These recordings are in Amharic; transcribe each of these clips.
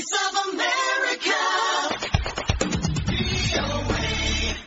Voice of America.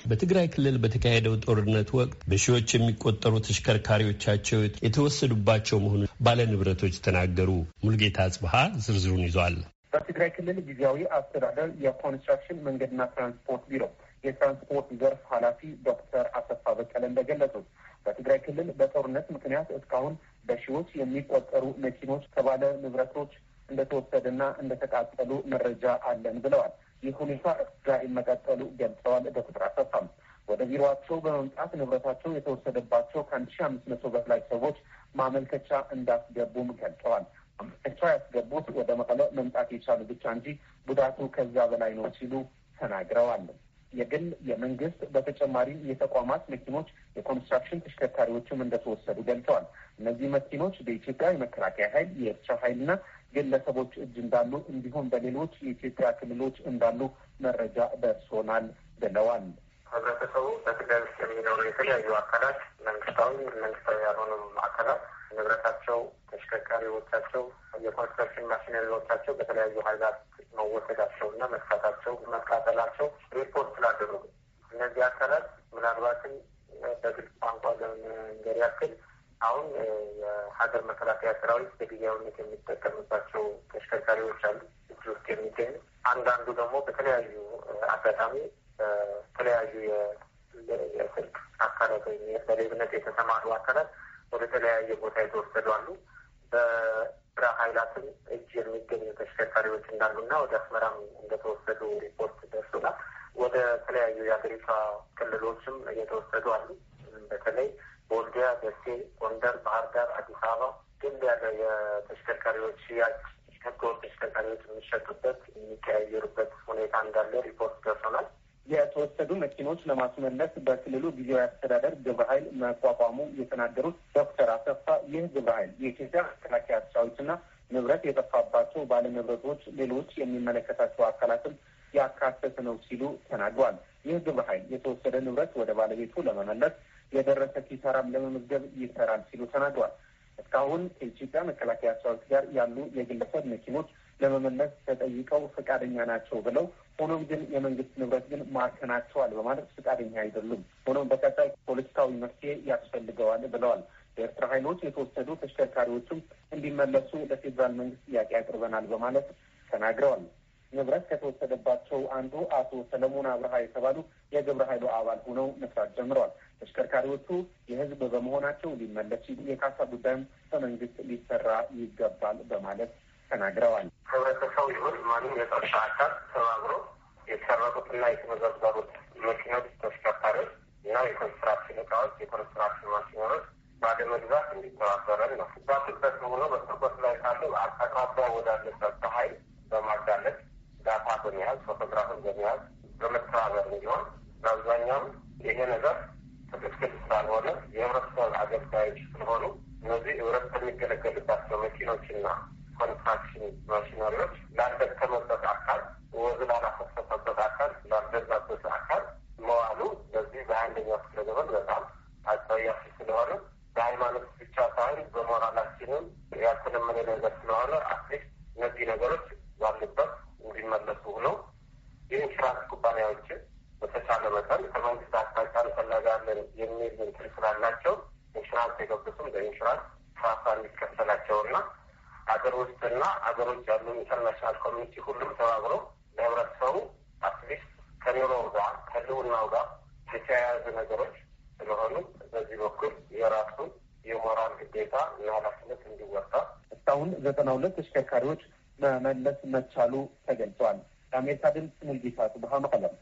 በትግራይ ክልል በተካሄደው ጦርነት ወቅት በሺዎች የሚቆጠሩ ተሽከርካሪዎቻቸው የተወሰዱባቸው መሆኑን ባለንብረቶች ተናገሩ። ሙልጌታ ጽብሃ ዝርዝሩን ይዟል። በትግራይ ክልል ጊዜያዊ አስተዳደር የኮንስትራክሽን መንገድና ትራንስፖርት ቢሮ የትራንስፖርት ዘርፍ ኃላፊ ዶክተር አሰፋ በቀለ እንደገለጹት በትግራይ ክልል በጦርነት ምክንያት እስካሁን በሺዎች የሚቆጠሩ መኪኖች ከባለ ንብረቶች እንደተወሰደና እንደተቃጠሉ መረጃ አለን ብለዋል። ይህ ሁኔታ እስራኤል መቀጠሉ ገልጸዋል። ዶክተር አሰፋም ወደ ቢሮቸው በመምጣት ንብረታቸው የተወሰደባቸው ከአንድ ሺ አምስት መቶ በላይ ሰዎች ማመልከቻ እንዳስገቡም ገልጸዋል። ማመልከቻ ያስገቡት ወደ መቀለ መምጣት የቻሉ ብቻ እንጂ ጉዳቱ ከዛ በላይ ነው ሲሉ ተናግረዋል። የግል የመንግስት በተጨማሪ የተቋማት መኪኖች፣ የኮንስትራክሽን ተሽከርካሪዎችም እንደተወሰዱ ገልጸዋል። እነዚህ መኪኖች በኢትዮጵያ የመከላከያ ኃይል የኤርትራ ኃይልና ግለሰቦች እጅ እንዳሉ እንዲሁም በሌሎች የኢትዮጵያ ክልሎች እንዳሉ መረጃ ደርሶናል ብለዋል። ህብረተሰቡ በትግራይ ውስጥ የሚኖሩ የተለያዩ አካላት መንግስታዊ፣ መንግስታዊ ያልሆኑ አካላት ንብረታቸው፣ ተሽከርካሪዎቻቸው፣ የኮንስትራክሽን ማሽነሪዎቻቸው በተለያዩ ሀይላት መወሰዳቸው እና መጥፋታቸው መቃጠላቸው ሪፖርት ስላደረጉ እነዚህ አካላት ምናልባትም በግልጽ ቋንቋ ለመንገር ያክል አሁን የሀገር መከላከያ ሰራዊት በጊዜያዊነት የሚጠቀምባቸው ተሽከርካሪዎች አሉ እጅ ውስጥ የሚገኙ አንዳንዱ ደግሞ በተለያዩ አጋጣሚ በተለያዩ የስልክ አካላት ወይም በሌብነት የተሰማሩ አካላት ወደ ተለያየ ቦታ የተወሰዱ አሉ። ስራ ኃይላትም እጅ የሚገኙ ተሽከርካሪዎች እንዳሉና ወደ አስመራም እንደተወሰዱ ሪፖርት ደርሶናል። ወደ ተለያዩ የሀገሪቷ ክልሎችም እየተወሰዱ አሉ። በተለይ በወልዲያ፣ ደሴ፣ ጎንደር፣ ባህር ዳር፣ አዲስ አበባ ግን ያለ የተሽከርካሪዎች ሽያጭ ህገወጥ ተሽከርካሪዎች የሚሸጡበት የሚቀያየሩበት ሁኔታ እንዳለ የተወሰዱ መኪኖች ለማስመለስ በክልሉ ጊዜያዊ አስተዳደር ግብረ ኃይል መቋቋሙ የተናገሩት ዶክተር አሰፋ ይህ ግብረ ኃይል የኢትዮጵያ መከላከያ ሰራዊትና ንብረት የጠፋባቸው ባለንብረቶች፣ ሌሎች የሚመለከታቸው አካላትም ያካተተ ነው ሲሉ ተናግሯል። ይህ ግብረ ኃይል የተወሰደ ንብረት ወደ ባለቤቱ ለመመለስ የደረሰ ኪሳራም ለመመዝገብ ይሰራል ሲሉ ተናግሯል። እስካሁን ከኢትዮጵያ መከላከያ ሰራዊት ጋር ያሉ የግለሰብ መኪኖች ለመመለስ ተጠይቀው ፈቃደኛ ናቸው ብለው ሆኖም ግን የመንግስት ንብረት ግን ማከናቸዋል በማለት ፈቃደኛ አይደሉም። ሆኖም በቀጣይ ፖለቲካዊ መፍትሄ ያስፈልገዋል ብለዋል። የኤርትራ ኃይሎች የተወሰዱ ተሽከርካሪዎችም እንዲመለሱ ለፌዴራል መንግስት ጥያቄ አቅርበናል በማለት ተናግረዋል። ንብረት ከተወሰደባቸው አንዱ አቶ ሰለሞን አብርሃ የተባሉ የግብረ ኃይሉ አባል ሆነው መስራት ጀምረዋል። ተሽከርካሪዎቹ የህዝብ በመሆናቸው ሊመለስ የካሳ ጉዳይም በመንግስት ሊሰራ ይገባል በማለት ተናግረዋል። ህብረተሰቡ ይሁን ማንም የጸጥታ አካል ተባብሮ የተሰረቁትና የተመዘበሩት መኪኖች፣ ተሽከርካሪዎች እና የኮንስትራክሽን እቃዎች፣ የኮንስትራክሽን ማሽኖች ባለመግዛት እንዲተባበረን ነው። ጉዳቱ ሆኖ በስርቆት ላይ ካሉ አጠቃባ ወዳለበት በኃይል በማጋለጥ ዳታ በመያዝ ፎቶግራፍን በመያዝ በመተባበር እንዲሆን በአብዛኛውም ይሄ ነገር ትክክል ስላልሆነ የህብረተሰብ አገልጋዮች ስለሆኑ እነዚህ ህብረተሰብ የሚገለገልባቸው መኪኖችና ኮንትራክሽን ማሽነሪዎች ላልደከመበት አካል ወዝ ላላፈሰሰበት አካል ላልገዛበት አካል መዋሉ በዚህ በአንደኛው ክፍለ ዘመን በጣም አጸያፊ ስለሆነ በሃይማኖት ብቻ ሳይሆን በሞራላችንም ያልተለመደ ነገር ስለሆነ አትሊስት እነዚህ ነገሮች ባሉበት እንዲመለሱ ሆኖ የኢንሹራንስ ኩባንያዎችን በተቻለ መጠን ከመንግስት አቅጣጫ እንፈለጋለን የሚል ምንትል ስላላቸው ኢንሹራንስ የገቡትም በኢንሹራንስ ራሳ እንዲከፈላቸውና ሀገር ውስጥና ሀገሮች ያሉ ኢንተርናሽናል ኮሚኒቲ ሁሉም ተባብሮ ለህብረተሰቡ አትሊስት ከኑሮው ጋር ከህልውናው ጋር የተያያዙ ነገሮች ስለሆኑ በዚህ በኩል የራሱ የሞራል ግዴታ እና ኃላፊነት እንዲወጣ እስካሁን ዘጠና ሁለት ተሽከርካሪዎች መመለስ መቻሉ ተገልጿል። የአሜሪካ ድምፅ ሙልጌታ ጽቡሀ መቀለም